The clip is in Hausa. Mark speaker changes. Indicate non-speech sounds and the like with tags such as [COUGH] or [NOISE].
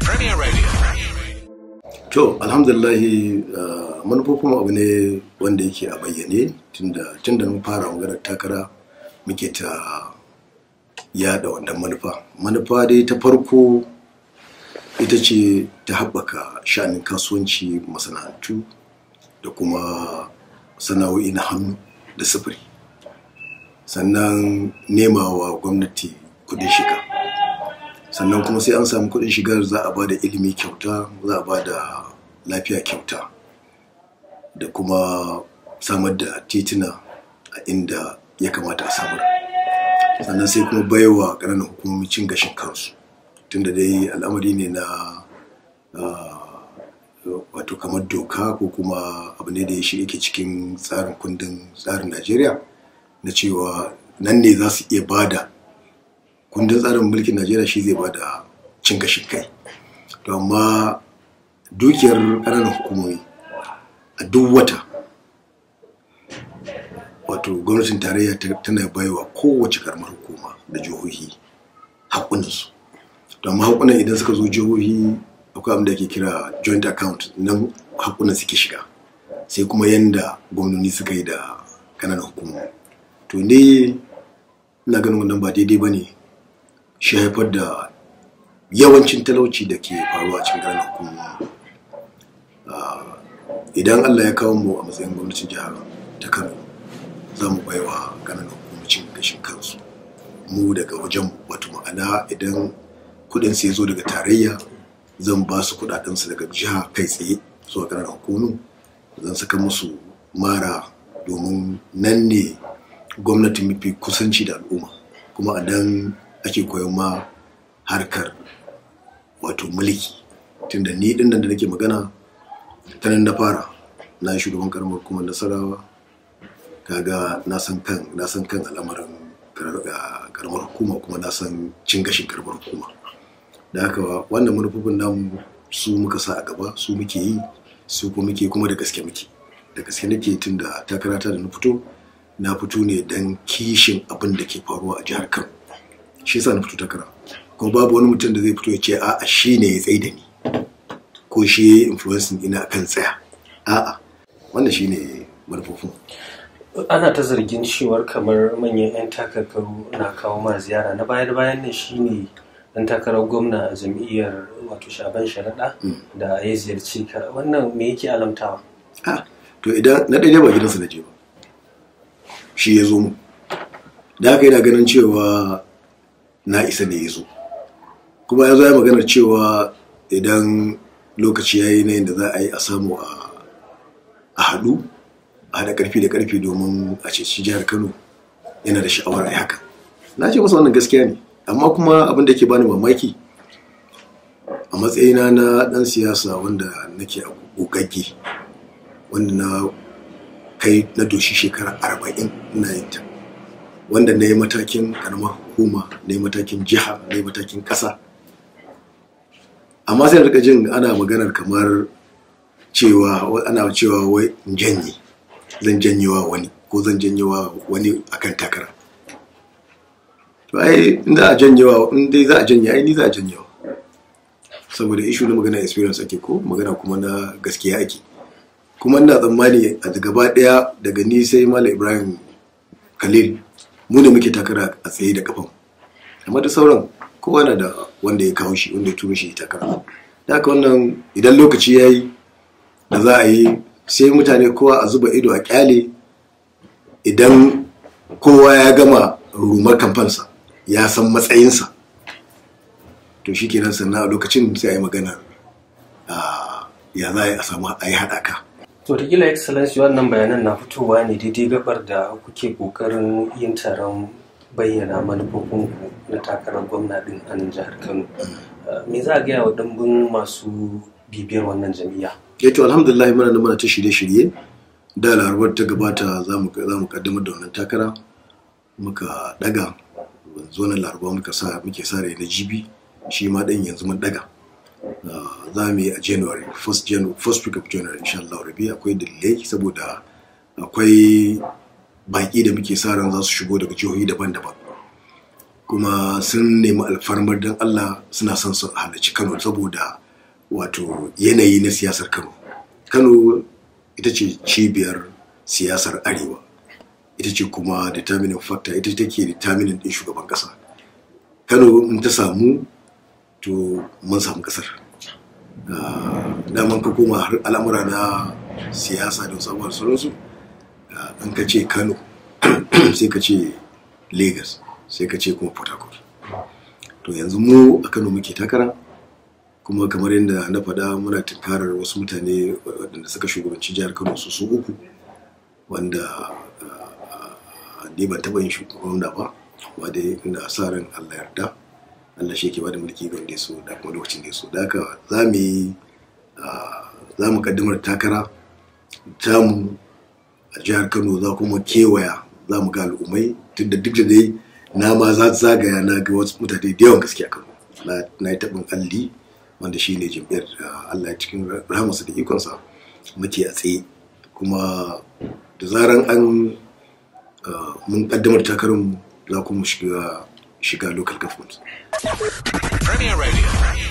Speaker 1: Premier Radio. To, alhamdulillahi uh, manufofin abu ne wanda yake a bayyane tun da mun fara maganar takara muke ta yada wannan manufa. Manufa dai ta farko ita ce ta haɓaka sha'anin kasuwanci masana'antu da kuma sana'o'i na hannu da sufuri sannan nema wa gwamnati kudin shiga sannan kuma sai an samu kuɗin shigar za a ba da ilimi kyauta za a ba da lafiya kyauta da kuma samar da tituna a inda ya kamata a samar sannan sai kuma baiwa ƙananan hukumomi cin gashin kansu tunda dai al'amari ne na ah, wato kamar doka ko kuma abu ne da ya shi yake cikin tsarin kundin tsarin najeriya na cewa nan ne za su iya bada kundin tsarin mulkin najeriya shi zai ba da cin gashin kai to amma dukiyar ƙananan hukumomi a duk wata wato gwamnatin tarayya tana baiwa kowace karamar hukuma da jihohi su. to amma haƙunan idan suka zo jihohi akwai abin da ake kira joint account nan haƙunan suke shiga sai kuma yanda gwamnoni suka yi da ƙananan hukumomi to ne ina ganin wannan ba daidai ba ne shi haifar da yawancin talauci da ke faruwa cikin ƙananan hukumomi ah, idan allah ya kawo mu a matsayin gwamnatin jihar ta kano za mu baiwa ganin hukumocin gashin kansu mu daga wajen wato ma'ana idan kuɗin sai zo daga tarayya zan ba su kudaden su daga jiha kai tsaye zuwa ƙananan hukumu zan saka musu mara domin nan ne gwamnati mafi kusanci da al'umma kuma a nan ake koyon ma harkar wato mulki tunda ni din nan da nake magana ta nan na fara na shugaban karamar kuma nasarawa kaga na san kan na san kan al'amarin karamar hukuma kuma na san cin gashin karamar hukuma da haka wannan manufofin namu su muka sa a gaba su muke yi su kuma muke kuma da gaske muke da gaske nake tunda takara takarata da na fito na fito ne dan kishin abin da ke faruwa a jihar kano shi yasa na fito takara ko babu wani mutum da zai fito ya ce a'a shi ne ya tsaye da ni ko shi ya yi influencing ina kan tsaya a'a wannan shi ne marfofin. ana ta zargin cewar kamar manyan 'yan takarkaru na kawo ma ziyara na bayan bayan ne shi ne dan takarar gwamna a jam'iyyar wato shaban sharaɗa hmm. da ya ziyarci ka wannan me yake alamtawa ah, to idan na ɗaya ba gidansa na je ba shi ya zo mu da haka yana ganin cewa na isa ne ya zo kuma ya zo ya magana cewa idan lokaci ya yi na da za a yi a samu a haɗu a haɗa ƙarfi da karfi domin a ceci jihar kano yana da sha'awar ai haka na ce masa wannan gaskiya ne amma kuma abin da yake bani mamaki a matsayina na ɗan siyasa wanda nake a gogagge wanda na kai na doshi shekara arba'in ina yin ta wanda na yi matakin karamar hukuma na matakin jiha na matakin ƙasa amma sai da jin ana maganar kamar cewa ana cewa wai janye zan janyewa wani ko zan janyewa wani akan takara to ai inda a janyewa in dai za a janye ai ni za a janyewa saboda ishu na magana experience ake ko magana kuma na gaskiya ake kuma ina tsammani a gaba daya daga ni sai malam ibrahim khalil mu da muke takara a tsaye da kafan amma da sauran kowa na da wanda ya kawo shi wanda ya turo shi takara da haka wannan idan lokaci ya yi da za a yi sai mutane kowa a zuba ido a kyale idan kowa ya gama rumar kamfansa ya san matsayinsa to shi kenan sannan a lokacin sai a yi magana ah, ya za a samu a yi haɗaka to da gila excellency wannan bayanan na fitowa ne daidai gabar da kuke kokarin yin taron bayyana manufofin na takarar gwamna din a nan jihar kano eh, me za a gaya wa dambun masu bibiyar wannan jami'a yato eh, alhamdulillah mana nan muna ta shirye-shirye da larabar ta gabata za mu kaddamar da wannan takara muka daga zo laraba muka sa muke sare na jibi shi ma ɗan yanzu mun daga eh, za mu yi a january first january first week of january insha Allah rabi akwai dalilai saboda akwai baki da muke sa ran za su shigo daga jihohi daban-daban kuma sun nemi alfarmar don Allah suna son su halarci Kano saboda wato yanayi na siyasar Kano Kano ita ce cibiyar siyasar arewa ita ce kuma determining factor ita take determining din shugaban kasa Kano in ta samu to mun samu kasar daman ka koma har al'amura na siyasa da sabuwar sauransu an ka ce kano [CLEARS THROAT] sai ka ce lagos sai ka ce kuma port harcourt to yanzu mu a kano muke takara kuma kamar yadda na faɗa muna tunkarar wasu mutane waɗanda suka shugabanci jihar kano su su uku wanda ah, ah, ni ban taɓa yin shugaban da ba wadda sa ran allah yarda Allah shi yake bada mulki ga wanda ya so da kuma lokacin da ya so da haka za mu yi za mu kaddamar takara tamu a jihar Kano za kuma kewaya za mu ga al'ummai tunda duk da dai na ma za ta zagaya na ga wasu mutane da yawan gaskiya Kano na yi taɓin alli wanda shi ne jam'iyyar Allah cikin rahamarsa da ikonsa muke a tsaye kuma da zaran an mun kaddamar mu za kuma shiga shiga local government. Premier Radio.